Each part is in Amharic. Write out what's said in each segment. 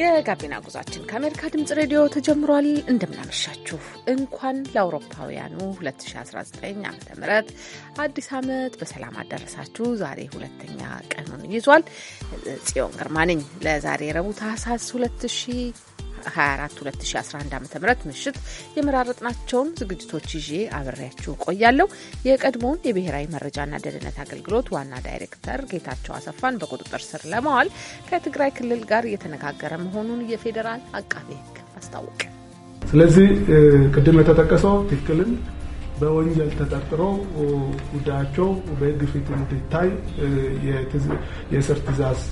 የጋቢና ጉዟችን ከአሜሪካ ድምጽ ሬዲዮ ተጀምሯል። እንደምናመሻችሁ እንኳን ለአውሮፓውያኑ 2019 ዓ ም አዲስ ዓመት በሰላም አደረሳችሁ። ዛሬ ሁለተኛ ቀኑን ይዟል። ጽዮን ግርማ ነኝ። ለዛሬ ረቡዕ ታህሳስ 2000 24 2011 ዓ ም ምሽት የመራረጥናቸውን ዝግጅቶች ይዤ አብሬያችሁ ቆያለሁ። የቀድሞውን የብሔራዊ መረጃና ደህንነት አገልግሎት ዋና ዳይሬክተር ጌታቸው አሰፋን በቁጥጥር ስር ለማዋል ከትግራይ ክልል ጋር እየተነጋገረ መሆኑን የፌዴራል አቃቤ ሕግ አስታወቀ። ስለዚህ ቅድም የተጠቀሰው ትክክልን በወንጀል ተጠርጥሮ ጉዳያቸው በሕግ ፊት እንዲታይ የእስር ትዕዛዝ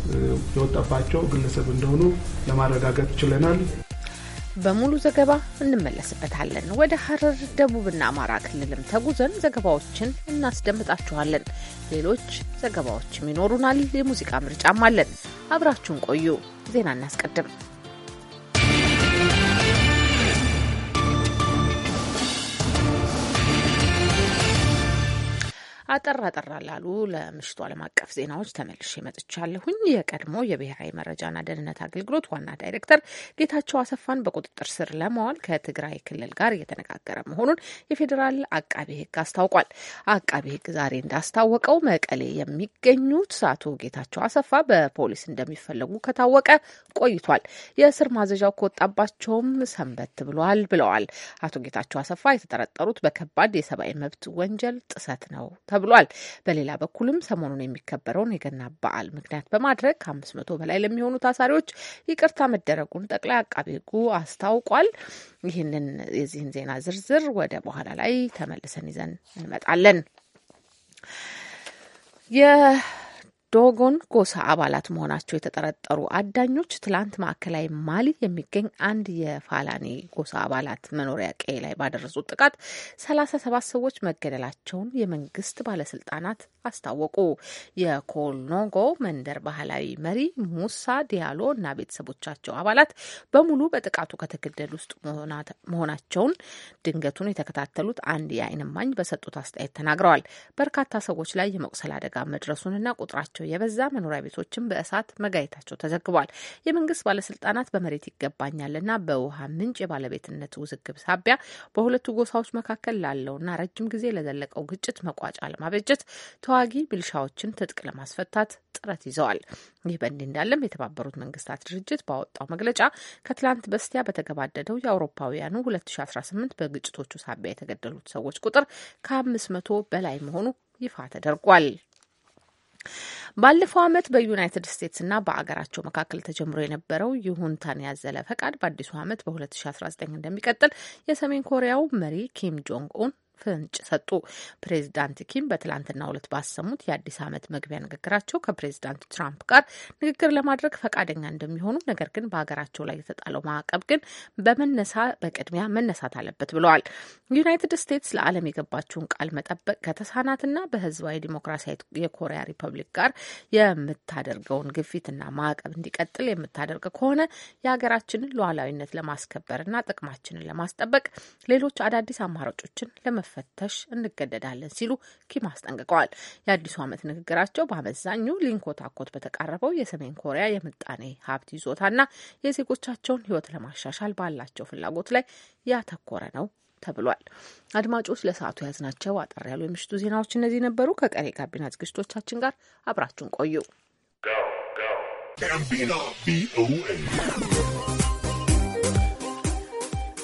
የወጣባቸው ግለሰብ እንደሆኑ ለማረጋገጥ ችለናል። በሙሉ ዘገባ እንመለስበታለን። ወደ ሐረር ደቡብና አማራ ክልልም ተጉዘን ዘገባዎችን እናስደምጣችኋለን። ሌሎች ዘገባዎችም ይኖሩናል። የሙዚቃ ምርጫም አለን። አብራችሁን ቆዩ። ዜና እናስቀድም። አጠር አጠር ላሉ ለምሽቱ ዓለም አቀፍ ዜናዎች ተመልሼ መጥቻለሁኝ። የቀድሞ የብሔራዊ መረጃና ደህንነት አገልግሎት ዋና ዳይሬክተር ጌታቸው አሰፋን በቁጥጥር ስር ለማዋል ከትግራይ ክልል ጋር እየተነጋገረ መሆኑን የፌዴራል አቃቤ ሕግ አስታውቋል። አቃቤ ሕግ ዛሬ እንዳስታወቀው መቀሌ የሚገኙት አቶ ጌታቸው አሰፋ በፖሊስ እንደሚፈለጉ ከታወቀ ቆይቷል። የእስር ማዘዣው ከወጣባቸውም ሰንበት ብሏል ብለዋል። አቶ ጌታቸው አሰፋ የተጠረጠሩት በከባድ የሰብአዊ መብት ወንጀል ጥሰት ነው ተብሏል። በሌላ በኩልም ሰሞኑን የሚከበረውን የገና በዓል ምክንያት በማድረግ ከአምስት መቶ በላይ ለሚሆኑ ታሳሪዎች ይቅርታ መደረጉን ጠቅላይ አቃቤ ሕጉ አስታውቋል። ይህንን የዚህን ዜና ዝርዝር ወደ በኋላ ላይ ተመልሰን ይዘን እንመጣለን። ዶጎን ጎሳ አባላት መሆናቸው የተጠረጠሩ አዳኞች ትላንት ማዕከላዊ ማሊ የሚገኝ አንድ የፋላኔ ጎሳ አባላት መኖሪያ ቀይ ላይ ባደረሱት ጥቃት ሰላሳ ሰባት ሰዎች መገደላቸውን የመንግስት ባለስልጣናት አስታወቁ። የኮልኖጎ መንደር ባህላዊ መሪ ሙሳ ዲያሎ እና ቤተሰቦቻቸው አባላት በሙሉ በጥቃቱ ከተገደሉ ውስጥ መሆናቸውን ድንገቱን የተከታተሉት አንድ የዓይን እማኝ በሰጡት አስተያየት ተናግረዋል። በርካታ ሰዎች ላይ የመቁሰል አደጋ መድረሱንና ቁጥራቸው የበዛ መኖሪያ ቤቶችን በእሳት መጋየታቸው ተዘግቧል። የመንግስት ባለስልጣናት በመሬት ይገባኛልና በውሃ ምንጭ የባለቤትነት ውዝግብ ሳቢያ በሁለቱ ጎሳዎች መካከል ላለውና ረጅም ጊዜ ለዘለቀው ግጭት መቋጫ ለማበጀት ተዋጊ ብልሻዎችን ትጥቅ ለማስፈታት ጥረት ይዘዋል። ይህ በእንዲህ እንዳለም የተባበሩት መንግስታት ድርጅት ባወጣው መግለጫ ከትላንት በስቲያ በተገባደደው የአውሮፓውያኑ 2018 በግጭቶቹ ሳቢያ የተገደሉት ሰዎች ቁጥር ከ500 በላይ መሆኑ ይፋ ተደርጓል። ባለፈው ዓመት በዩናይትድ እና በአገራቸው መካከል ተጀምሮ የነበረው ይሁንታን ያዘለ ፈቃድ በአዲሱ ዓመት በ2019 እንደሚቀጥል የሰሜን ኮሪያው መሪ ኪም ጆንግ ኡን ፍንጭ ሰጡ። ፕሬዚዳንት ኪም በትላንትናው ዕለት ባሰሙት የአዲስ ዓመት መግቢያ ንግግራቸው ከፕሬዚዳንት ትራምፕ ጋር ንግግር ለማድረግ ፈቃደኛ እንደሚሆኑ፣ ነገር ግን በሀገራቸው ላይ የተጣለው ማዕቀብ ግን በመነሳ በቅድሚያ መነሳት አለበት ብለዋል። ዩናይትድ ስቴትስ ለዓለም የገባችውን ቃል መጠበቅ ከተሳናትና በህዝባዊ ዲሞክራሲያዊ የኮሪያ ሪፐብሊክ ጋር የምታደርገውን ግፊትና ማዕቀብ እንዲቀጥል የምታደርግ ከሆነ የሀገራችንን ሉዓላዊነት ለማስከበርና ጥቅማችንን ለማስጠበቅ ሌሎች አዳዲስ አማራጮችን ለመፈ እንድንፈተሽ እንገደዳለን ሲሉ ኪም አስጠንቅቀዋል። የአዲሱ ዓመት ንግግራቸው በአመዛኙ ሊንኮታኮት በተቃረበው የሰሜን ኮሪያ የምጣኔ ሀብት ይዞታና የዜጎቻቸውን ሕይወት ለማሻሻል ባላቸው ፍላጎት ላይ ያተኮረ ነው ተብሏል። አድማጮች ለሰዓቱ ናቸው። አጠር ያሉ የምሽቱ ዜናዎች እነዚህ ነበሩ። ከቀሪ ጋቢና ዝግጅቶቻችን ጋር አብራችሁን ቆዩ። ጋቢና ቪኦኤ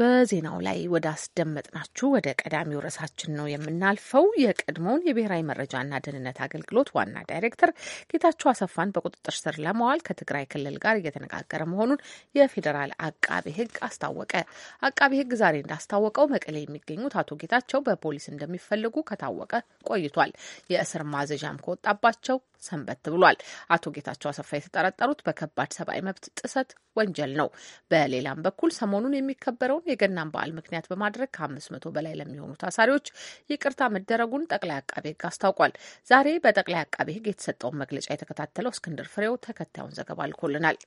በዜናው ላይ ወደ አስደመጥናችሁ ወደ ቀዳሚው ርዕሳችን ነው የምናልፈው። የቀድሞውን የብሔራዊ መረጃና ደህንነት አገልግሎት ዋና ዳይሬክተር ጌታቸው አሰፋን በቁጥጥር ስር ለማዋል ከትግራይ ክልል ጋር እየተነጋገረ መሆኑን የፌዴራል አቃቤ ሕግ አስታወቀ። አቃቤ ሕግ ዛሬ እንዳስታወቀው መቀሌ የሚገኙት አቶ ጌታቸው በፖሊስ እንደሚፈልጉ ከታወቀ ቆይቷል። የእስር ማዘዣም ከወጣባቸው ሰንበት ብሏል። አቶ ጌታቸው አሰፋ የተጠረጠሩት በከባድ ሰብአዊ መብት ጥሰት ወንጀል ነው። በሌላም በኩል ሰሞኑን የሚከበረውን የገናን በዓል ምክንያት በማድረግ ከአምስት መቶ በላይ ለሚሆኑ ታሳሪዎች ይቅርታ መደረጉን ጠቅላይ አቃቤ ሕግ አስታውቋል። ዛሬ በጠቅላይ አቃቤ ሕግ የተሰጠውን መግለጫ የተከታተለው እስክንድር ፍሬው ተከታዩን ዘገባ ልኮልናል።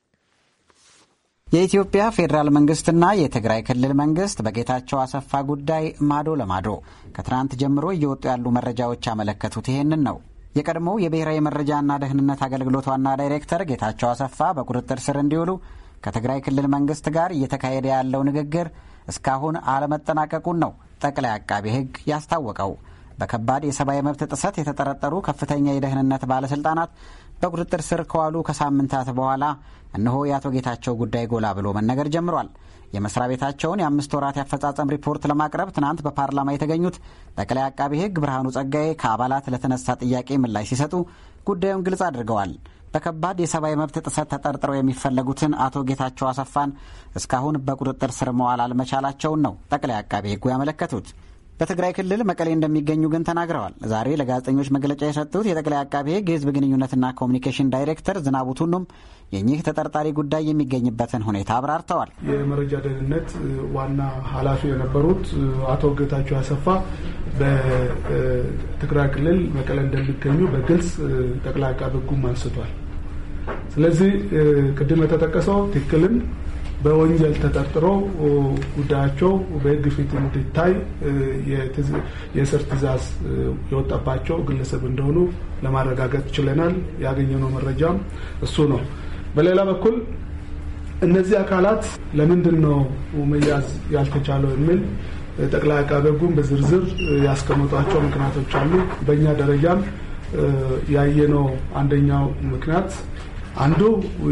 የኢትዮጵያ ፌዴራል መንግስትና የትግራይ ክልል መንግስት በጌታቸው አሰፋ ጉዳይ ማዶ ለማዶ ከትናንት ጀምሮ እየወጡ ያሉ መረጃዎች ያመለከቱት ይሄንን ነው። የቀድሞው የብሔራዊ መረጃና ደህንነት አገልግሎት ዋና ዳይሬክተር ጌታቸው አሰፋ በቁጥጥር ስር እንዲውሉ ከትግራይ ክልል መንግስት ጋር እየተካሄደ ያለው ንግግር እስካሁን አለመጠናቀቁን ነው ጠቅላይ አቃቤ ሕግ ያስታወቀው። በከባድ የሰብአዊ መብት ጥሰት የተጠረጠሩ ከፍተኛ የደህንነት ባለስልጣናት በቁጥጥር ስር ከዋሉ ከሳምንታት በኋላ እነሆ የአቶ ጌታቸው ጉዳይ ጎላ ብሎ መነገር ጀምሯል። የመስሪያ ቤታቸውን የአምስት ወራት የአፈጻጸም ሪፖርት ለማቅረብ ትናንት በፓርላማ የተገኙት ጠቅላይ አቃቤ ሕግ ብርሃኑ ጸጋዬ ከአባላት ለተነሳ ጥያቄ ምላሽ ሲሰጡ ጉዳዩን ግልጽ አድርገዋል። በከባድ የሰብአዊ መብት ጥሰት ተጠርጥረው የሚፈለጉትን አቶ ጌታቸው አሰፋን እስካሁን በቁጥጥር ስር መዋል አልመቻላቸውን ነው ጠቅላይ አቃቤ ሕጉ ያመለከቱት። በትግራይ ክልል መቀሌ እንደሚገኙ ግን ተናግረዋል። ዛሬ ለጋዜጠኞች መግለጫ የሰጡት የጠቅላይ አቃቤ ሕግ የህዝብ ግንኙነትና ኮሚኒኬሽን ዳይሬክተር ዝናቡ ቱኑም የኚህ ተጠርጣሪ ጉዳይ የሚገኝበትን ሁኔታ አብራርተዋል። የመረጃ ደህንነት ዋና ኃላፊ የነበሩት አቶ ጌታቸው አሰፋ በትግራይ ክልል መቀሌ እንደሚገኙ በግልጽ ጠቅላይ አቃቤ ሕጉም አንስቷል። ስለዚህ ቅድም የተጠቀሰው ትክክልን በወንጀል ተጠርጥሮ ጉዳያቸው በሕግ ፊት እንዲታይ የእስር ትዕዛዝ የወጣባቸው ግለሰብ እንደሆኑ ለማረጋገጥ ችለናል። ያገኘነው መረጃም እሱ ነው። በሌላ በኩል እነዚህ አካላት ለምንድን ነው መያዝ ያልተቻለው የሚል ጠቅላይ አቃቤ ሕጉም በዝርዝር ያስቀመጧቸው ምክንያቶች አሉ። በእኛ ደረጃም ያየነው አንደኛው ምክንያት አንዱ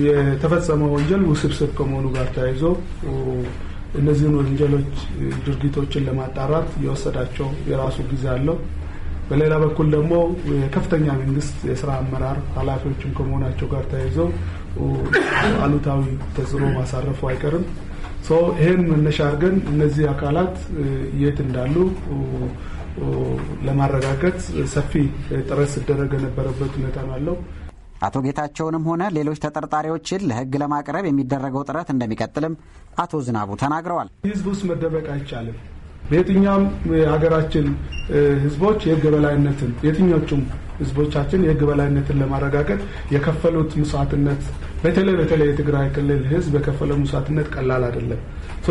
የተፈጸመው ወንጀል ውስብስብ ከመሆኑ ጋር ተያይዞ እነዚህን ወንጀሎች ድርጊቶችን ለማጣራት የወሰዳቸው የራሱ ጊዜ አለው። በሌላ በኩል ደግሞ የከፍተኛ መንግስት የስራ አመራር ኃላፊዎችም ከመሆናቸው ጋር ተያይዞ አሉታዊ ተጽዕኖ ማሳረፉ አይቀርም። ይህን መነሻ አድርገን እነዚህ አካላት የት እንዳሉ ለማረጋገጥ ሰፊ ጥረት ሲደረግ የነበረበት ሁኔታ ነው ያለው። አቶ ጌታቸውንም ሆነ ሌሎች ተጠርጣሪዎችን ለሕግ ለማቅረብ የሚደረገው ጥረት እንደሚቀጥልም አቶ ዝናቡ ተናግረዋል። ሕዝብ ውስጥ መደበቅ አይቻልም። በየትኛውም የሀገራችን ሕዝቦች የሕግ በላይነትን የትኞቹም ሕዝቦቻችን የሕግ በላይነትን ለማረጋገጥ የከፈሉት መስዋዕትነት በተለይ በተለይ የትግራይ ክልል ሕዝብ የከፈለው መስዋዕትነት ቀላል አይደለም።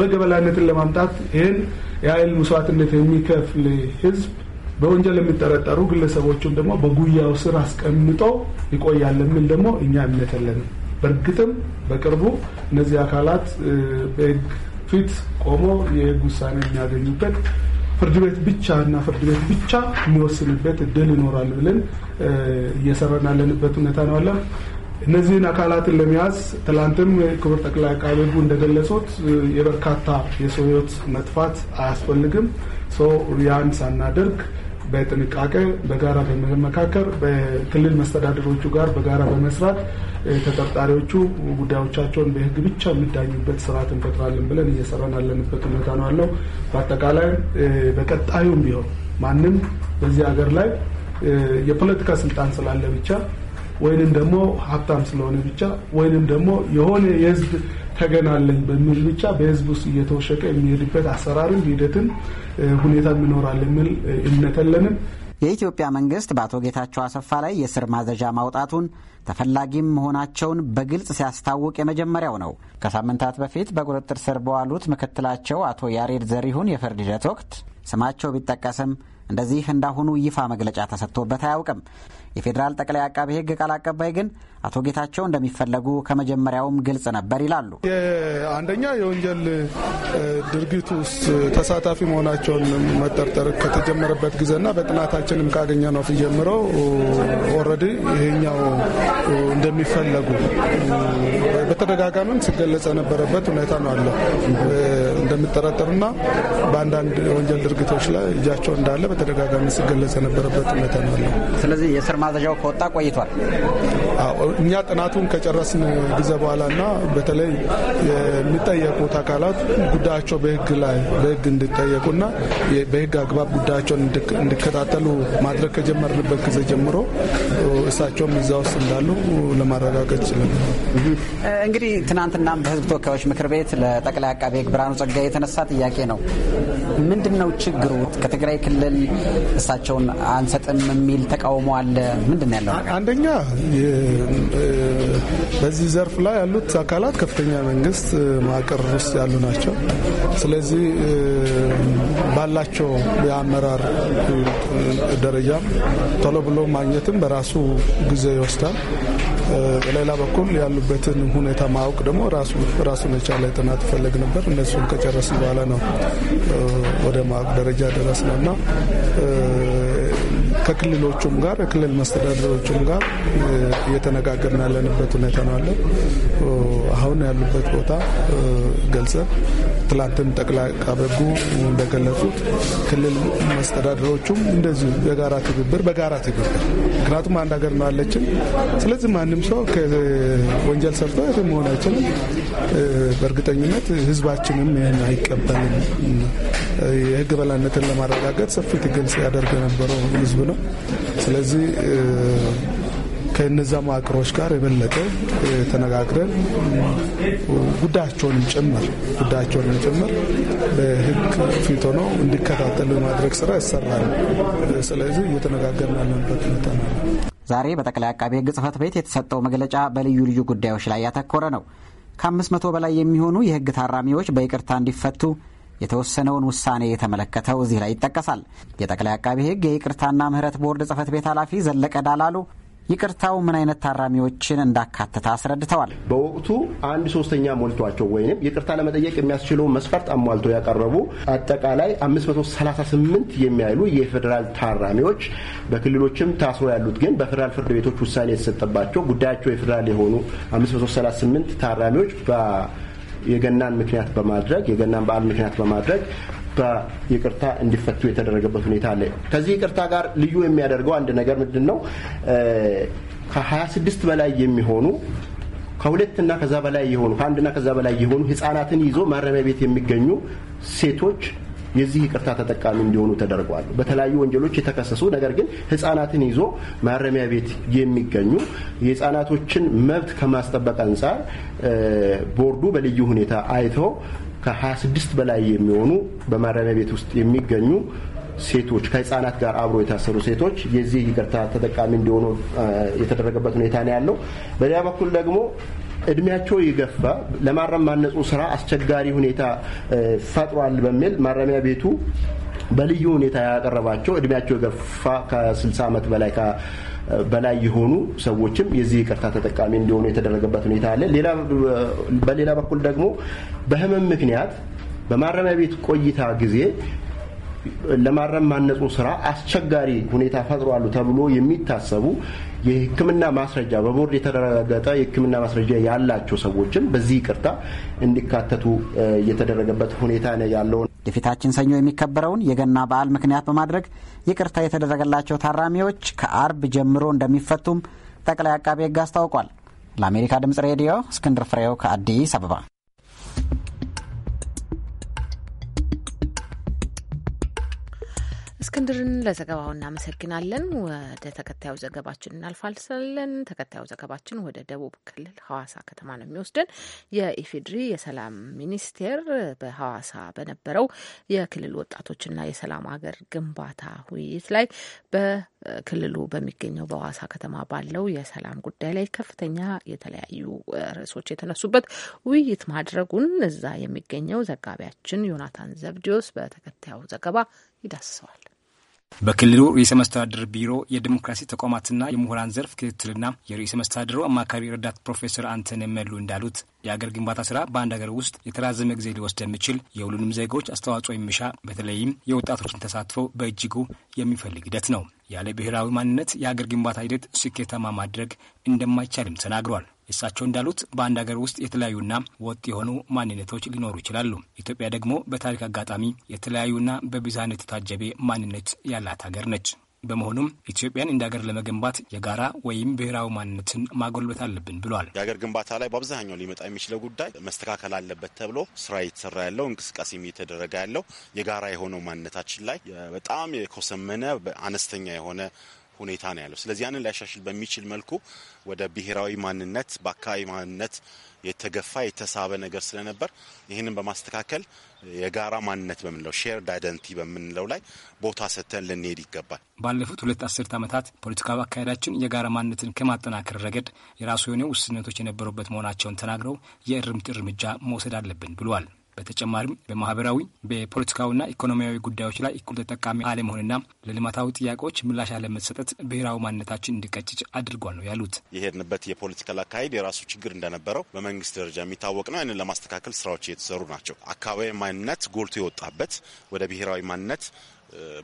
ሕግ በላይነትን ለማምጣት ይህን የኃይል መስዋዕትነት የሚከፍል ሕዝብ በወንጀል የሚጠረጠሩ ግለሰቦችም ደግሞ በጉያው ስር አስቀምጦ ይቆያል የሚል ደግሞ እኛ እምነት የለንም። በእርግጥም በቅርቡ እነዚህ አካላት በህግ ፊት ቆሞ የህግ ውሳኔ የሚያገኙበት ፍርድ ቤት ብቻ እና ፍርድ ቤት ብቻ የሚወስንበት እድል ይኖራል ብለን እየሰራን ያለንበት ሁኔታ ነው አለ። እነዚህን አካላትን ለመያዝ ትላንትም ክቡር ጠቅላይ አቃቤ ህጉ እንደገለጹት የበርካታ የሰው ህይወት መጥፋት አያስፈልግም። ሰው ያን ሳናደርግ በጥንቃቄ በጋራ በመመካከር በክልል መስተዳደሮቹ ጋር በጋራ በመስራት ተጠርጣሪዎቹ ጉዳዮቻቸውን በሕግ ብቻ የሚዳኙበት ስርዓት እንፈጥራለን ብለን እየሰራን ያለንበት ሁኔታ ነው ያለው። በአጠቃላይ በቀጣዩም ቢሆን ማንም በዚህ ሀገር ላይ የፖለቲካ ስልጣን ስላለ ብቻ ወይንም ደግሞ ሀብታም ስለሆነ ብቻ ወይንም ደግሞ የሆነ የህዝብ ተገናለኝ በሚል ብቻ በህዝብ ውስጥ እየተወሸቀ የሚሄድበት አሰራርን ሂደትን ሁኔታ ይኖራል የሚል እምነት የለንም። የኢትዮጵያ መንግስት በአቶ ጌታቸው አሰፋ ላይ የስር ማዘዣ ማውጣቱን ተፈላጊም መሆናቸውን በግልጽ ሲያስታውቅ የመጀመሪያው ነው። ከሳምንታት በፊት በቁጥጥር ስር በዋሉት ምክትላቸው አቶ ያሬድ ዘሪሁን የፍርድ ሂደት ወቅት ስማቸው ቢጠቀስም እንደዚህ እንዳሁኑ ይፋ መግለጫ ተሰጥቶበት አያውቅም። የፌዴራል ጠቅላይ አቃቤ ሕግ ቃል አቀባይ ግን አቶ ጌታቸው እንደሚፈለጉ ከመጀመሪያውም ግልጽ ነበር ይላሉ። አንደኛ የወንጀል ድርጊት ውስጥ ተሳታፊ መሆናቸውን መጠርጠር ከተጀመረበት ጊዜና በጥናታችንም ካገኘ ነው ጀምሮ ኦልሬዲ ይሄኛው እንደሚፈለጉ በተደጋጋሚም ሲገለጽ የነበረበት ሁኔታ ነው አለ እንደሚጠረጠሩና በአንዳንድ የወንጀል ድርጊቶች ላይ እጃቸው እንዳለ በተደጋጋሚ ሲገለጽ የነበረበት ሁኔታ ነው አለ። ስለዚህ የስር ማዘዣው ከወጣ ቆይቷል። እኛ ጥናቱን ከጨረስን ጊዜ እና በተለይ የሚጠየቁት አካላት ጉዳያቸው በህግ ላይ በህግ እንዲጠየቁና በህግ አግባብ ጉዳያቸውን እንዲከታተሉ ማድረግ ከጀመርንበት ጊዜ ጀምሮ እሳቸውም እዛ ውስጥ እንዳሉ ለማረጋገጥ ችለን እንግዲህ ትናንትና በህዝብ ተወካዮች ምክር ቤት ለጠቅላይ አቃቤ ህግ ብርሃኑ ጸጋ የተነሳ ጥያቄ ነው። ምንድን ነው ችግሩ? ከትግራይ ክልል እሳቸውን አንሰጥም የሚል ተቃውሞ አለ። ምንድን ነው ያለው? አንደኛ በዚህ ዘርፍ ላይ ያሉት አካላት ከፍተኛ መንግስት መዋቅር ውስጥ ያሉ ናቸው። ስለዚህ ባላቸው የአመራር ደረጃ ቶሎ ብሎ ማግኘትም በራሱ ጊዜ ይወስዳል። በሌላ በኩል ያሉበትን ሁኔታ ማወቅ ደግሞ ራሱን የቻለ ጥናት ይፈለግ ነበር። እነሱን ከጨረስን በኋላ ነው ወደ ማወቅ ደረጃ ደረስነው እና ከክልሎቹም ጋር ክልል መስተዳደሮቹም ጋር እየተነጋገርን ያለንበት ሁኔታ ነው አለ። አሁን ያሉበት ቦታ ገልጸን ትላንትም ጠቅላይ ቀበጉ እንደገለጹት ክልል መስተዳድሮቹም እንደዚሁ የጋራ ትብብር በጋራ ትብብር ምክንያቱም አንድ ሀገር ነው ያለችን። ስለዚህ ማንም ሰው ወንጀል ሰርቶ የትም መሆን አይችልም። በእርግጠኝነት ህዝባችንም ይህን አይቀበልም። የህግ በላይነትን ለማረጋገጥ ሰፊ ትግል ሲያደርግ የነበረው ህዝብ ነው። ስለዚህ ከነዛ መዋቅሮች ጋር የበለጠ ተነጋግረን ጉዳያቸውንም ጭምር ጉዳያቸውንም ጭምር በህግ ፊት ሆኖ እንዲከታተል በማድረግ ስራ ይሰራል። ስለዚህ እየተነጋገርን ያለንበት ሁኔታ ነው። ዛሬ በጠቅላይ አቃቤ ህግ ጽህፈት ቤት የተሰጠው መግለጫ በልዩ ልዩ ጉዳዮች ላይ ያተኮረ ነው። ከአምስት መቶ በላይ የሚሆኑ የህግ ታራሚዎች በይቅርታ እንዲፈቱ የተወሰነውን ውሳኔ የተመለከተው እዚህ ላይ ይጠቀሳል። የጠቅላይ አቃቤ ህግ የይቅርታና ምህረት ቦርድ ጽህፈት ቤት ኃላፊ ዘለቀ ዳላሉ ይቅርታው ምን አይነት ታራሚዎችን እንዳካተተ አስረድተዋል። በወቅቱ አንድ ሶስተኛ ሞልቷቸው ወይም ይቅርታ ለመጠየቅ የሚያስችለውን መስፈርት አሟልቶ ያቀረቡ አጠቃላይ 538 የሚያሉ የፌዴራል ታራሚዎች በክልሎችም ታስሮ ያሉት ግን በፌዴራል ፍርድ ቤቶች ውሳኔ የተሰጠባቸው ጉዳያቸው የፌዴራል የሆኑ 538 ታራሚዎች የገናን ምክንያት በማድረግ የገናን በዓል ምክንያት በማድረግ በይቅርታ እንዲፈቱ የተደረገበት ሁኔታ አለ። ከዚህ ይቅርታ ጋር ልዩ የሚያደርገው አንድ ነገር ምንድን ነው? ከ26 በላይ የሚሆኑ ከሁለትና ከዛ በላይ የሆኑ ከአንድና ከዛ በላይ የሆኑ ህጻናትን ይዞ ማረሚያ ቤት የሚገኙ ሴቶች የዚህ ይቅርታ ተጠቃሚ እንዲሆኑ ተደርጓል። በተለያዩ ወንጀሎች የተከሰሱ ነገር ግን ህጻናትን ይዞ ማረሚያ ቤት የሚገኙ የህጻናቶችን መብት ከማስጠበቅ አንጻር ቦርዱ በልዩ ሁኔታ አይተው ከ26 በላይ የሚሆኑ በማረሚያ ቤት ውስጥ የሚገኙ ሴቶች ከህጻናት ጋር አብሮ የታሰሩ ሴቶች የዚህ ይቅርታ ተጠቃሚ እንዲሆኑ የተደረገበት ሁኔታ ነው ያለው። በሌላ በኩል ደግሞ እድሜያቸው የገፋ ለማረም ማነጹ ስራ አስቸጋሪ ሁኔታ ፈጥሯል በሚል ማረሚያ ቤቱ በልዩ ሁኔታ ያቀረባቸው እድሜያቸው የገፋ ከ60 ዓመት በላይ በላይ የሆኑ ሰዎችም የዚህ ይቅርታ ተጠቃሚ እንዲሆኑ የተደረገበት ሁኔታ አለ። በሌላ በኩል ደግሞ በህመም ምክንያት በማረሚያ ቤት ቆይታ ጊዜ ለማረም ማነጹ ስራ አስቸጋሪ ሁኔታ ፈጥሯሉ ተብሎ የሚታሰቡ የሕክምና ማስረጃ በቦርድ የተረጋገጠ የሕክምና ማስረጃ ያላቸው ሰዎችም በዚህ ይቅርታ እንዲካተቱ የተደረገበት ሁኔታ ነው የፊታችን ሰኞ የሚከበረውን የገና በዓል ምክንያት በማድረግ ይቅርታ የተደረገላቸው ታራሚዎች ከአርብ ጀምሮ እንደሚፈቱም ጠቅላይ አቃቤ ሕግ አስታውቋል። ለአሜሪካ ድምጽ ሬዲዮ እስክንድር ፍሬው ከአዲስ አበባ እስክንድርን ለዘገባው እናመሰግናለን። ወደ ተከታዩ ዘገባችን እናልፋለን። ተከታዩ ዘገባችን ወደ ደቡብ ክልል ሐዋሳ ከተማ ነው የሚወስደን። የኢፌድሪ የሰላም ሚኒስቴር በሐዋሳ በነበረው የክልል ወጣቶችና የሰላም ሀገር ግንባታ ውይይት ላይ በክልሉ በሚገኘው በሐዋሳ ከተማ ባለው የሰላም ጉዳይ ላይ ከፍተኛ የተለያዩ ርዕሶች የተነሱበት ውይይት ማድረጉን እዛ የሚገኘው ዘጋቢያችን ዮናታን ዘብዲዮስ በተከታዩ ዘገባ ይዳስሰዋል። በክልሉ ርዕሰ መስተዳድር ቢሮ የዲሞክራሲ ተቋማትና የምሁራን ዘርፍ ክትትልና የርዕሰ መስተዳድሩ አማካሪ ረዳት ፕሮፌሰር አንተን መሉ እንዳሉት የአገር ግንባታ ስራ በአንድ ሀገር ውስጥ የተራዘመ ጊዜ ሊወስድ የሚችል የሁሉንም ዜጎች አስተዋጽኦ የሚሻ በተለይም የወጣቶችን ተሳትፎ በእጅጉ የሚፈልግ ሂደት ነው። ያለ ብሔራዊ ማንነት የአገር ግንባታ ሂደት ስኬታማ ማድረግ እንደማይቻልም ተናግሯል። እሳቸው እንዳሉት በአንድ ሀገር ውስጥ የተለያዩና ወጥ የሆኑ ማንነቶች ሊኖሩ ይችላሉ። ኢትዮጵያ ደግሞ በታሪክ አጋጣሚ የተለያዩና በብዝሃነት የታጀበ ማንነት ያላት ሀገር ነች። በመሆኑም ኢትዮጵያን እንደ ሀገር ለመገንባት የጋራ ወይም ብሔራዊ ማንነትን ማጎልበት አለብን ብሏል። የሀገር ግንባታ ላይ በአብዛኛው ሊመጣ የሚችለው ጉዳይ መስተካከል አለበት ተብሎ ስራ እየተሰራ ያለው እንቅስቃሴ እየተደረገ ያለው የጋራ የሆነው ማንነታችን ላይ በጣም የኮሰመነ አነስተኛ የሆነ ሁኔታ ነው ያለው። ስለዚህ ያንን ሊያሻሽል በሚችል መልኩ ወደ ብሔራዊ ማንነት በአካባቢ ማንነት የተገፋ የተሳበ ነገር ስለነበር ይህንን በማስተካከል የጋራ ማንነት በምንለው ሼርድ አይደንቲ በምንለው ላይ ቦታ ሰጥተን ልንሄድ ይገባል። ባለፉት ሁለት አስርት ዓመታት ፖለቲካዊ አካሄዳችን የጋራ ማንነትን ከማጠናከር ረገድ የራሱ የሆነ ውስንነቶች የነበሩበት መሆናቸውን ተናግረው የእርምት እርምጃ መውሰድ አለብን ብሏል። በተጨማሪም በማህበራዊ በፖለቲካዊና ኢኮኖሚያዊ ጉዳዮች ላይ እኩል ተጠቃሚ አለመሆንና ለልማታዊ ጥያቄዎች ምላሽ አለመሰጠት ብሔራዊ ማንነታችን እንዲቀጭጭ አድርጓል ነው ያሉት። የሄድንበት የፖለቲካል አካሄድ የራሱ ችግር እንደነበረው በመንግስት ደረጃ የሚታወቅ ነው። ይንን ለማስተካከል ስራዎች እየተሰሩ ናቸው። አካባቢ ማንነት ጎልቶ የወጣበት ወደ ብሔራዊ ማንነት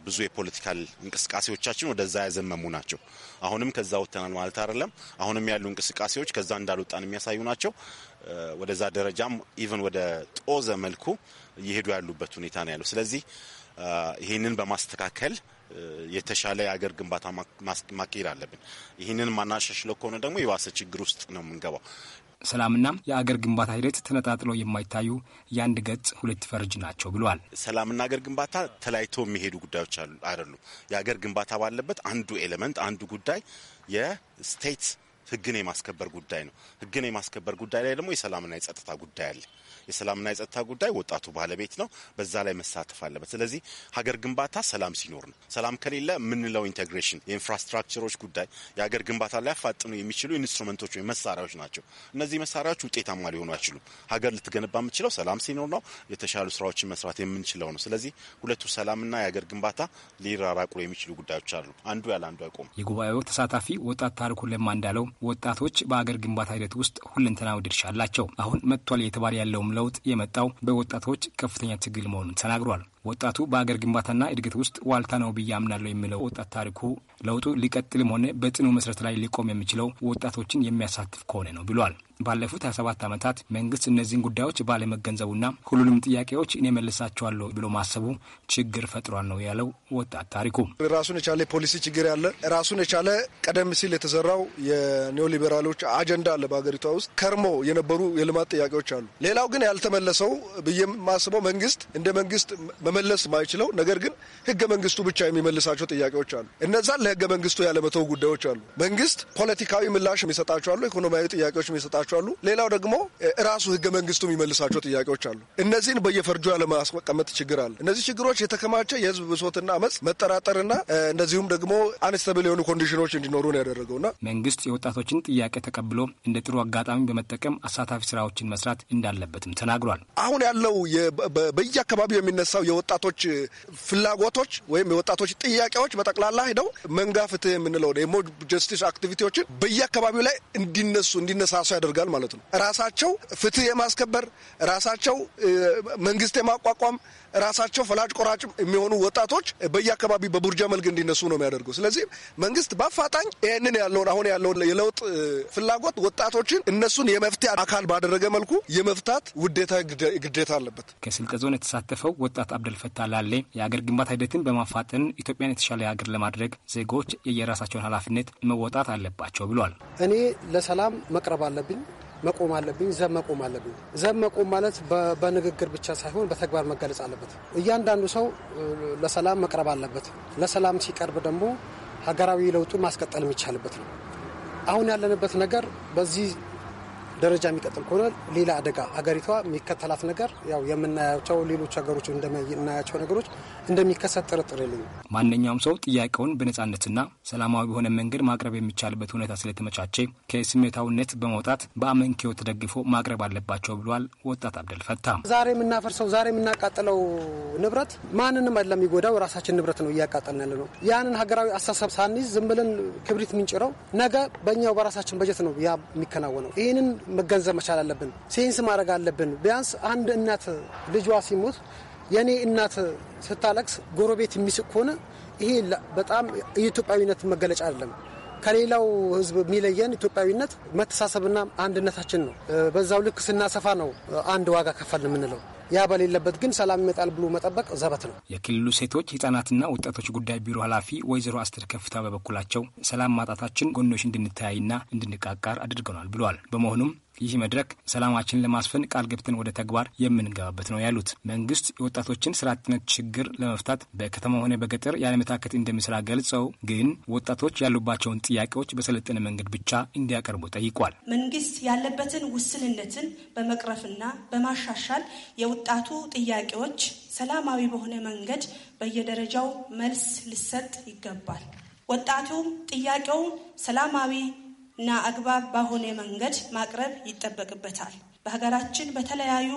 ብዙ የፖለቲካል እንቅስቃሴዎቻችን ወደዛ ያዘመሙ ናቸው። አሁንም ከዛ ወጥተናል ማለት አይደለም። አሁንም ያሉ እንቅስቃሴዎች ከዛ እንዳልወጣን የሚያሳዩ ናቸው። ወደዛ ደረጃም ኢቨን ወደ ጦዘ መልኩ እየሄዱ ያሉበት ሁኔታ ነው ያለው። ስለዚህ ይህንን በማስተካከል የተሻለ የአገር ግንባታ ማካሄድ አለብን። ይህንን ማናሻሽለው ከሆነ ደግሞ የባሰ ችግር ውስጥ ነው የምንገባው። ሰላምና የአገር ግንባታ ሂደት ተነጣጥለው የማይታዩ የአንድ ገጽ ሁለት ፈርጅ ናቸው ብሏል። ሰላምና አገር ግንባታ ተለያይቶ የሚሄዱ ጉዳዮች አይደሉም። የአገር ግንባታ ባለበት አንዱ ኤሌመንት አንዱ ጉዳይ የስቴት ህግን የማስከበር ጉዳይ ነው። ህግን የማስከበር ጉዳይ ላይ ደግሞ የሰላምና የጸጥታ ጉዳይ አለ። የሰላምና የጸጥታ ጉዳይ ወጣቱ ባለቤት ነው። በዛ ላይ መሳተፍ አለበት። ስለዚህ ሀገር ግንባታ ሰላም ሲኖር ነው። ሰላም ከሌለ የምንለው ኢንቴግሬሽን፣ የኢንፍራስትራክቸሮች ጉዳይ የሀገር ግንባታ ሊያፋጥኑ የሚችሉ ኢንስትሩመንቶች ወይም መሳሪያዎች ናቸው። እነዚህ መሳሪያዎች ውጤታማ ሊሆኑ አይችሉም። ሀገር ልትገነባ የምችለው ሰላም ሲኖር ነው። የተሻሉ ስራዎችን መስራት የምንችለው ነው። ስለዚህ ሁለቱ ሰላምና የሀገር ግንባታ ሊራራቁ የሚችሉ ጉዳዮች አሉ። አንዱ ያለ አንዱ አይቆም። የጉባኤው ተሳታፊ ወጣት ታሪኩ ለማ እንዳለው ወጣቶች በአገር ግንባታ ሂደት ውስጥ ሁለንተናዊ ድርሻ አላቸው። አሁን መጥቷል የተባለ ያለውም ለውጥ የመጣው በወጣቶች ከፍተኛ ትግል መሆኑን ተናግሯል። ወጣቱ በአገር ግንባታና እድገት ውስጥ ዋልታ ነው ብዬ አምናለሁ የሚለው ወጣት ታሪኩ ለውጡ ሊቀጥልም ሆነ በጽኑ መሰረት ላይ ሊቆም የሚችለው ወጣቶችን የሚያሳትፍ ከሆነ ነው ብሏል። ባለፉት 27 ዓመታት መንግስት እነዚህን ጉዳዮች ባለመገንዘቡና ሁሉንም ጥያቄዎች እኔ መልሳቸዋለሁ ብሎ ማሰቡ ችግር ፈጥሯል ነው ያለው ወጣት ታሪኩ። ራሱን የቻለ የፖሊሲ ችግር ያለ ራሱን የቻለ ቀደም ሲል የተሰራው የኒዮሊበራሎች አጀንዳ አለ በሀገሪቷ ውስጥ ከርሞ የነበሩ የልማት ጥያቄዎች አሉ። ሌላው ግን ያልተመለሰው ብዬ ማስበው መንግስት እንደ መንግስት መመለስ ማይችለው ነገር ግን ህገ መንግስቱ ብቻ የሚመልሳቸው ጥያቄዎች አሉ። እነዛን ለህገ መንግስቱ ያለመተው ጉዳዮች አሉ። መንግስት ፖለቲካዊ ምላሽ የሚሰጣቸው አሉ። ኢኮኖሚያዊ ጥያቄዎች የሚሰጣ የሚመልሳቸው አሉ። ሌላው ደግሞ ራሱ ህገ መንግስቱ የሚመልሳቸው ጥያቄዎች አሉ። እነዚህን በየፈርጁ ያለማስቀመጥ ችግር አለ። እነዚህ ችግሮች የተከማቸ የህዝብ ብሶትና አመፅ፣ መጠራጠርና እንደዚሁም ደግሞ አንስተብል የሆኑ ኮንዲሽኖች እንዲኖሩ ነው ያደረገውና መንግስት የወጣቶችን ጥያቄ ተቀብሎ እንደ ጥሩ አጋጣሚ በመጠቀም አሳታፊ ስራዎችን መስራት እንዳለበትም ተናግሯል። አሁን ያለው በየአካባቢው የሚነሳው የወጣቶች ፍላጎቶች ወይም የወጣቶች ጥያቄዎች በጠቅላላ ሄደው መንጋ ፍትህ የምንለው ጀስቲስ አክቲቪቲዎችን በየአካባቢው ላይ እንዲነሱ እንዲነሳሱ ያደርጋል። ያስፈልጋል ማለት ነው። ራሳቸው ፍትህ የማስከበር ራሳቸው መንግስት የማቋቋም ራሳቸው ፈላጭ ቆራጭ የሚሆኑ ወጣቶች በየአካባቢ በቡርጃ መልክ እንዲነሱ ነው የሚያደርገው። ስለዚህ መንግስት በአፋጣኝ ይህንን ያለውን አሁን ያለውን የለውጥ ፍላጎት ወጣቶችን እነሱን የመፍትሄ አካል ባደረገ መልኩ የመፍታት ውዴታ ግዴታ አለበት። ከስልጤ ዞን የተሳተፈው ወጣት አብደልፈታ ላሌ የአገር ግንባታ ሂደትን በማፋጠን ኢትዮጵያን የተሻለ ሀገር ለማድረግ ዜጎች የየራሳቸውን ኃላፊነት መወጣት አለባቸው ብሏል። እኔ ለሰላም መቅረብ አለብኝ። መቆም አለብኝ፣ ዘብ መቆም አለብኝ። ዘብ መቆም ማለት በንግግር ብቻ ሳይሆን በተግባር መገለጽ አለበት። እያንዳንዱ ሰው ለሰላም መቅረብ አለበት። ለሰላም ሲቀርብ ደግሞ ሀገራዊ ለውጡን ማስቀጠል የሚቻልበት ነው። አሁን ያለንበት ነገር በዚህ ደረጃ የሚቀጥል ከሆነ ሌላ አደጋ ሀገሪቷ የሚከተላት ነገር ያው የምናያቸው ሌሎች ሀገሮች እንደምናያቸው ነገሮች እንደሚከሰት ጥርጥር የለኝ። ማንኛውም ሰው ጥያቄውን በነጻነትና ሰላማዊ በሆነ መንገድ ማቅረብ የሚቻልበት ሁኔታ ስለተመቻቸ ከስሜታዊነት በመውጣት በአመንኪዮ ተደግፎ ማቅረብ አለባቸው ብሏል። ወጣት አብደልፈታ ዛሬ የምናፈርሰው ዛሬ የምናቃጥለው ንብረት ማንንም አይደለም የሚጎዳው ራሳችን ንብረት ነው እያቃጠልን ያለ ነው። ያንን ሀገራዊ አስተሳሰብ ሳንይዝ ዝም ብለን ክብሪት ምንጭረው ነገ በእኛው በራሳችን በጀት ነው ያ የሚከናወነው። ይህንን መገንዘብ መቻል አለብን። ሴንስ ማድረግ አለብን። ቢያንስ አንድ እናት ልጇ ሲሞት የእኔ እናት ስታለቅስ ጎረቤት የሚስቅ ከሆነ ይሄ በጣም የኢትዮጵያዊነት መገለጫ አይደለም። ከሌላው ህዝብ የሚለየን ኢትዮጵያዊነት መተሳሰብና አንድነታችን ነው። በዛው ልክ ስናሰፋ ነው አንድ ዋጋ ከፈል የምንለው። ያ በሌለበት ግን ሰላም ይመጣል ብሎ መጠበቅ ዘበት ነው። የክልሉ ሴቶች ህጻናትና ወጣቶች ጉዳይ ቢሮ ኃላፊ ወይዘሮ አስቴር ከፍታ በበኩላቸው ሰላም ማጣታችን ጎኖች እንድንተያይና እንድንቃቃር አድርገናል ብለዋል። በመሆኑም ይህ መድረክ ሰላማችን ለማስፈን ቃል ገብተን ወደ ተግባር የምንገባበት ነው ያሉት መንግስት የወጣቶችን ስራ አጥነት ችግር ለመፍታት በከተማ ሆነ በገጠር ያለመታከት እንደሚሰራ ገልጸው ግን ወጣቶች ያሉባቸውን ጥያቄዎች በሰለጠነ መንገድ ብቻ እንዲያቀርቡ ጠይቋል። መንግስት ያለበትን ውስንነትን በመቅረፍና በማሻሻል የወጣቱ ጥያቄዎች ሰላማዊ በሆነ መንገድ በየደረጃው መልስ ሊሰጥ ይገባል። ወጣቱ ጥያቄውን ሰላማዊ እና አግባብ ባሆነ መንገድ ማቅረብ ይጠበቅበታል። በሀገራችን በተለያዩ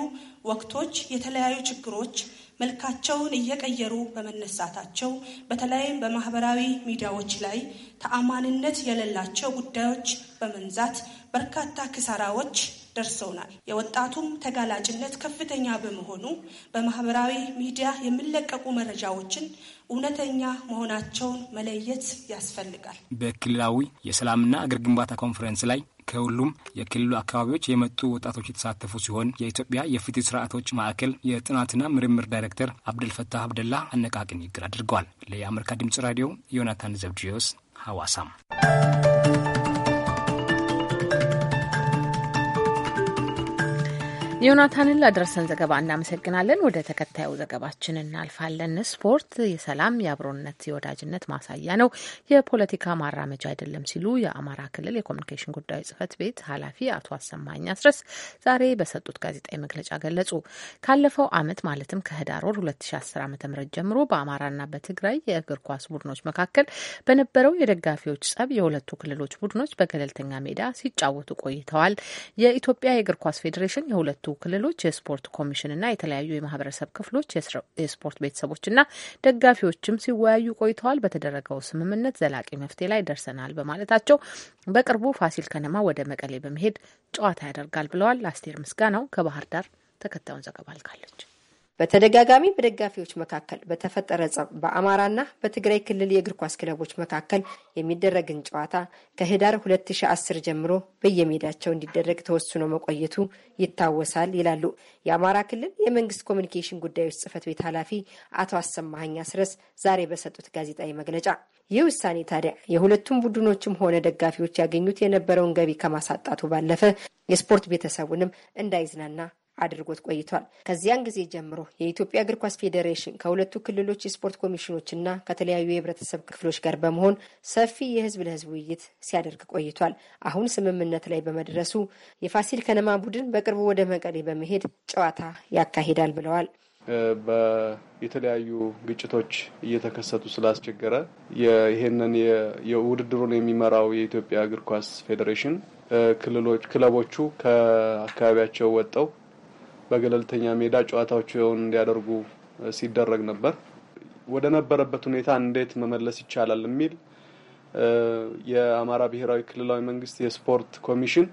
ወቅቶች የተለያዩ ችግሮች መልካቸውን እየቀየሩ በመነሳታቸው በተለይም በማህበራዊ ሚዲያዎች ላይ ተአማንነት የሌላቸው ጉዳዮች በመንዛት በርካታ ክሳራዎች ደርሰውናል። የወጣቱም ተጋላጭነት ከፍተኛ በመሆኑ በማህበራዊ ሚዲያ የሚለቀቁ መረጃዎችን እውነተኛ መሆናቸውን መለየት ያስፈልጋል። በክልላዊ የሰላምና አገር ግንባታ ኮንፈረንስ ላይ ከሁሉም የክልሉ አካባቢዎች የመጡ ወጣቶች የተሳተፉ ሲሆን የኢትዮጵያ የፍትህ ስርዓቶች ማዕከል የጥናትና ምርምር ዳይሬክተር አብደልፈታህ አብደላ አነቃቂ ንግግር አድርገዋል። ለአሜሪካ ድምጽ ራዲዮ ዮናታን ዘብድዮስ ሐዋሳም ዮናታንን ላደረሰን ዘገባ እናመሰግናለን። ወደ ተከታዩ ዘገባችን እናልፋለን። ስፖርት የሰላም የአብሮነት፣ የወዳጅነት ማሳያ ነው፣ የፖለቲካ ማራመጃ አይደለም ሲሉ የአማራ ክልል የኮሚኒኬሽን ጉዳዮች ጽህፈት ቤት ኃላፊ አቶ አሰማኝ አስረስ ዛሬ በሰጡት ጋዜጣዊ መግለጫ ገለጹ። ካለፈው ዓመት ማለትም ከህዳር ወር 2010 ዓ.ም ጀምሮ በአማራና በትግራይ የእግር ኳስ ቡድኖች መካከል በነበረው የደጋፊዎች ጸብ የሁለቱ ክልሎች ቡድኖች በገለልተኛ ሜዳ ሲጫወቱ ቆይተዋል። የኢትዮጵያ የእግር ኳስ ፌዴሬሽን የሁለቱ የሁለቱ ክልሎች የስፖርት ኮሚሽንና የተለያዩ የማህበረሰብ ክፍሎች የስፖርት ቤተሰቦችና ደጋፊዎችም ሲወያዩ ቆይተዋል። በተደረገው ስምምነት ዘላቂ መፍትሄ ላይ ደርሰናል በማለታቸው በቅርቡ ፋሲል ከነማ ወደ መቀሌ በመሄድ ጨዋታ ያደርጋል ብለዋል። አስቴር ምስጋናው ከባህር ዳር ተከታዩን ዘገባ አልካለች። በተደጋጋሚ በደጋፊዎች መካከል በተፈጠረ ጸብ በአማራና በትግራይ ክልል የእግር ኳስ ክለቦች መካከል የሚደረግን ጨዋታ ከህዳር 2010 ጀምሮ በየሜዳቸው እንዲደረግ ተወስኖ መቆየቱ ይታወሳል ይላሉ የአማራ ክልል የመንግስት ኮሚኒኬሽን ጉዳዮች ጽህፈት ቤት ኃላፊ አቶ አሰማኸኝ አስረስ ዛሬ በሰጡት ጋዜጣዊ መግለጫ። ይህ ውሳኔ ታዲያ የሁለቱም ቡድኖችም ሆነ ደጋፊዎች ያገኙት የነበረውን ገቢ ከማሳጣቱ ባለፈ የስፖርት ቤተሰቡንም እንዳይዝናና አድርጎት ቆይቷል። ከዚያን ጊዜ ጀምሮ የኢትዮጵያ እግር ኳስ ፌዴሬሽን ከሁለቱ ክልሎች የስፖርት ኮሚሽኖች ና ከተለያዩ የህብረተሰብ ክፍሎች ጋር በመሆን ሰፊ የህዝብ ለህዝብ ውይይት ሲያደርግ ቆይቷል። አሁን ስምምነት ላይ በመድረሱ የፋሲል ከነማ ቡድን በቅርቡ ወደ መቀሌ በመሄድ ጨዋታ ያካሂዳል ብለዋል። የተለያዩ ግጭቶች እየተከሰቱ ስላስቸገረ ይሄንን የውድድሩን የሚመራው የኢትዮጵያ እግር ኳስ ፌዴሬሽን ክልሎች ክለቦቹ ከአካባቢያቸው ወጠው በገለልተኛ ሜዳ ጨዋታዎችን እንዲያደርጉ ሲደረግ ነበር። ወደ ነበረበት ሁኔታ እንዴት መመለስ ይቻላል የሚል የአማራ ብሔራዊ ክልላዊ መንግስት የስፖርት ኮሚሽን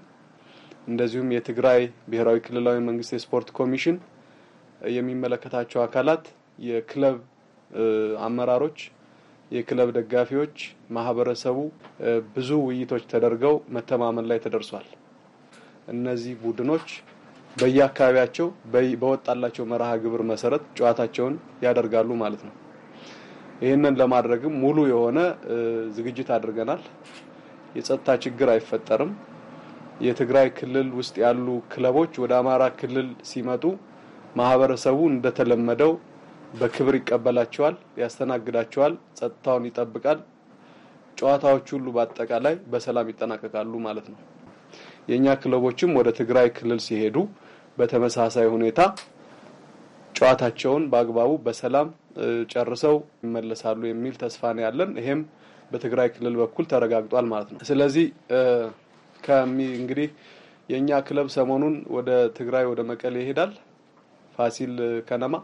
እንደዚሁም የትግራይ ብሔራዊ ክልላዊ መንግስት የስፖርት ኮሚሽን የሚመለከታቸው አካላት፣ የክለብ አመራሮች፣ የክለብ ደጋፊዎች፣ ማህበረሰቡ ብዙ ውይይቶች ተደርገው መተማመን ላይ ተደርሷል። እነዚህ ቡድኖች በየአካባቢያቸው በወጣላቸው መርሃ ግብር መሰረት ጨዋታቸውን ያደርጋሉ ማለት ነው። ይህንን ለማድረግም ሙሉ የሆነ ዝግጅት አድርገናል። የጸጥታ ችግር አይፈጠርም። የትግራይ ክልል ውስጥ ያሉ ክለቦች ወደ አማራ ክልል ሲመጡ ማህበረሰቡ እንደተለመደው በክብር ይቀበላቸዋል፣ ያስተናግዳቸዋል፣ ጸጥታውን ይጠብቃል። ጨዋታዎች ሁሉ በአጠቃላይ በሰላም ይጠናቀቃሉ ማለት ነው። የእኛ ክለቦችም ወደ ትግራይ ክልል ሲሄዱ በተመሳሳይ ሁኔታ ጨዋታቸውን በአግባቡ በሰላም ጨርሰው ይመለሳሉ የሚል ተስፋ ነው ያለን። ይሄም በትግራይ ክልል በኩል ተረጋግጧል ማለት ነው። ስለዚህ ከሚ እንግዲህ የእኛ ክለብ ሰሞኑን ወደ ትግራይ ወደ መቀሌ ይሄዳል፣ ፋሲል ከነማ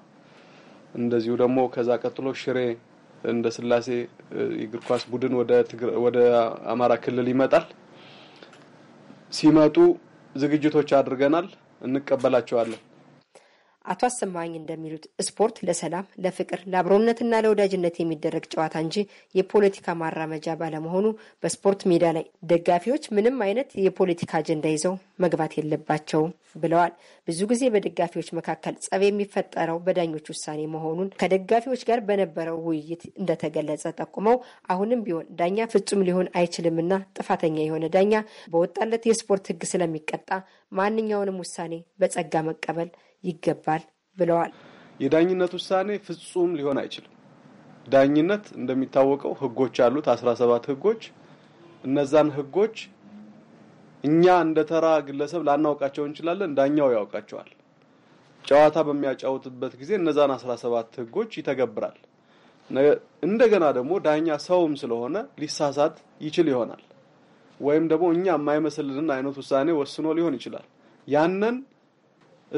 እንደዚሁ ደግሞ ከዛ ቀጥሎ ሽሬ እንደ ስላሴ የእግር ኳስ ቡድን ወደ አማራ ክልል ይመጣል። ሲመጡ ዝግጅቶች አድርገናል። እንቀበላቸዋለን። አቶ አሰማኝ እንደሚሉት ስፖርት ለሰላም፣ ለፍቅር፣ ለአብሮነትና ለወዳጅነት የሚደረግ ጨዋታ እንጂ የፖለቲካ ማራመጃ ባለመሆኑ በስፖርት ሜዳ ላይ ደጋፊዎች ምንም አይነት የፖለቲካ አጀንዳ ይዘው መግባት የለባቸውም ብለዋል። ብዙ ጊዜ በደጋፊዎች መካከል ጸብ የሚፈጠረው በዳኞች ውሳኔ መሆኑን ከደጋፊዎች ጋር በነበረው ውይይት እንደተገለጸ ጠቁመው አሁንም ቢሆን ዳኛ ፍጹም ሊሆን አይችልምና ጥፋተኛ የሆነ ዳኛ በወጣለት የስፖርት ሕግ ስለሚቀጣ ማንኛውንም ውሳኔ በጸጋ መቀበል ይገባል ብለዋል። የዳኝነት ውሳኔ ፍጹም ሊሆን አይችልም። ዳኝነት እንደሚታወቀው ህጎች አሉት፣ አስራ ሰባት ህጎች። እነዛን ህጎች እኛ እንደ ተራ ግለሰብ ላናውቃቸው እንችላለን፣ ዳኛው ያውቃቸዋል። ጨዋታ በሚያጫውትበት ጊዜ እነዛን አስራ ሰባት ህጎች ይተገብራል። እንደገና ደግሞ ዳኛ ሰውም ስለሆነ ሊሳሳት ይችል ይሆናል ወይም ደግሞ እኛ የማይመስልንን አይነት ውሳኔ ወስኖ ሊሆን ይችላል። ያንን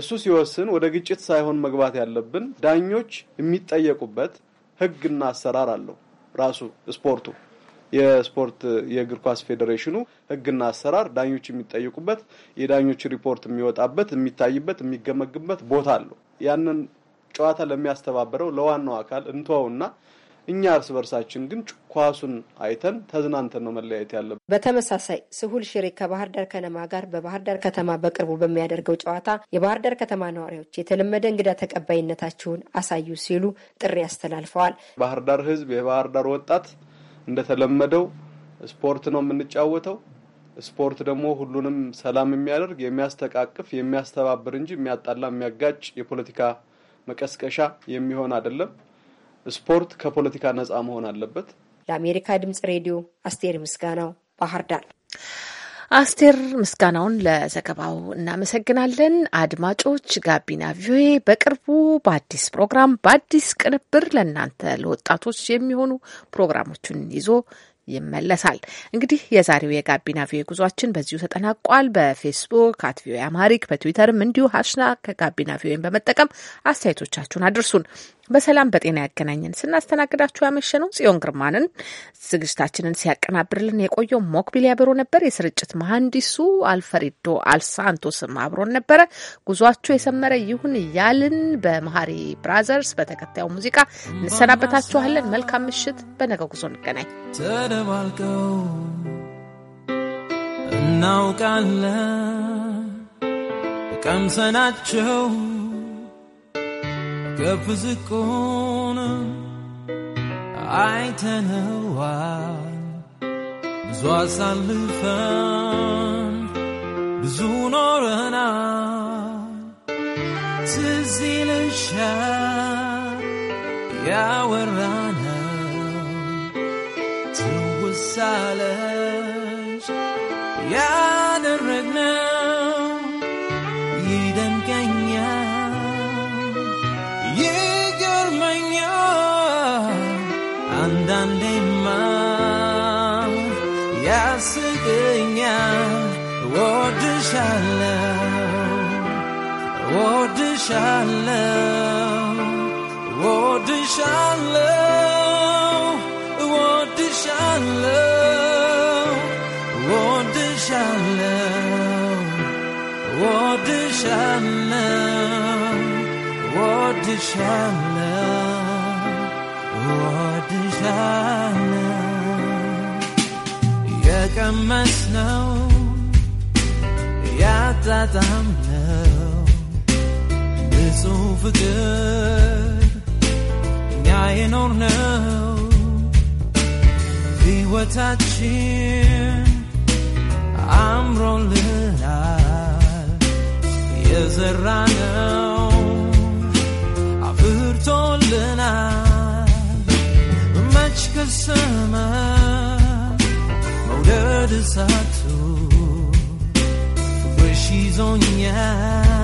እሱ ሲወስን ወደ ግጭት ሳይሆን መግባት ያለብን ዳኞች የሚጠየቁበት ህግና አሰራር አለው። ራሱ ስፖርቱ የስፖርት የእግር ኳስ ፌዴሬሽኑ ህግና አሰራር ዳኞች የሚጠየቁበት የዳኞች ሪፖርት የሚወጣበት የሚታይበት የሚገመግበት ቦታ አለው። ያንን ጨዋታ ለሚያስተባብረው ለዋናው አካል እንተውና እኛ እርስ በርሳችን ግን ኳሱን አይተን ተዝናንተን ነው መለያየት ያለብን። በተመሳሳይ ስሁል ሽሬ ከባህር ዳር ከነማ ጋር በባህር ዳር ከተማ በቅርቡ በሚያደርገው ጨዋታ የባህር ዳር ከተማ ነዋሪዎች የተለመደ እንግዳ ተቀባይነታችሁን አሳዩ ሲሉ ጥሪ አስተላልፈዋል። ባህር ዳር ህዝብ፣ የባህር ዳር ወጣት እንደተለመደው ስፖርት ነው የምንጫወተው። ስፖርት ደግሞ ሁሉንም ሰላም የሚያደርግ የሚያስተቃቅፍ፣ የሚያስተባብር እንጂ የሚያጣላ፣ የሚያጋጭ የፖለቲካ መቀስቀሻ የሚሆን አይደለም። ስፖርት ከፖለቲካ ነፃ መሆን አለበት። ለአሜሪካ ድምጽ ሬዲዮ አስቴር ምስጋናው ባህር ዳር። አስቴር ምስጋናውን ለዘገባው እናመሰግናለን። አድማጮች፣ ጋቢና ቪዮኤ በቅርቡ በአዲስ ፕሮግራም በአዲስ ቅንብር ለእናንተ ለወጣቶች የሚሆኑ ፕሮግራሞችን ይዞ ይመለሳል። እንግዲህ የዛሬው የጋቢና ቪዮኤ ጉዟችን በዚሁ ተጠናቋል። በፌስቡክ አት ቪዮኤ አማሪክ በትዊተርም እንዲሁ ሀሽና ከጋቢና ቪዮኤን በመጠቀም አስተያየቶቻችሁን አድርሱን። በሰላም በጤና ያገናኘን። ስናስተናግዳችሁ ያመሸነው ጽዮን ግርማንን፣ ዝግጅታችንን ሲያቀናብርልን የቆየው ሞክቢል ያብሮ ነበር። የስርጭት መሐንዲሱ አልፈሬዶ አልሳንቶስም አብሮን ነበረ። ጉዟችሁ የሰመረ ይሁን እያልን በመሀሪ ብራዘርስ በተከታዩ ሙዚቃ እንሰናበታችኋለን። መልካም ምሽት። በነገ ጉዞ እንገናኝ። ተደባልቀው እናውቃለን ቀምሰናቸው ከፍ ዝቁንም አይተነዋል ብዙ አሳልፈን ብዙ ኖረናል ትዝ ይልሻል ያወራነው ትውሳለሽ shalom, what is shalom, oh shalom, what is shalom, what is shalom, what is shalom, what is shalom, ya kamasnau, ya tatamna it's over good. I don't know. Be what I cheer. I'm rolling out. Yes, I know. I've heard all the night. Much customer. Motor desire to. Where she's on your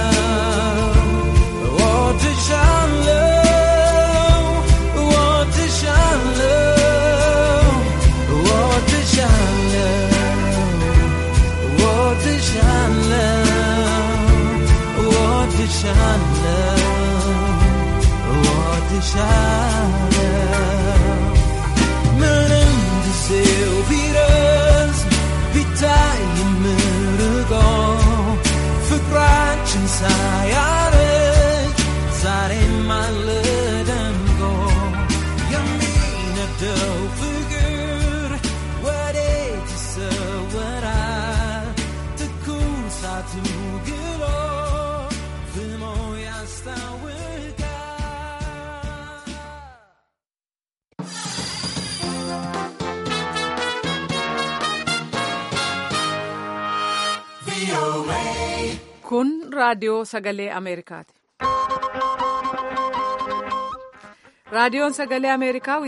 desire raadiyoo sagalee Ameerikaati. Raadiyoon sagalee Ameerikaa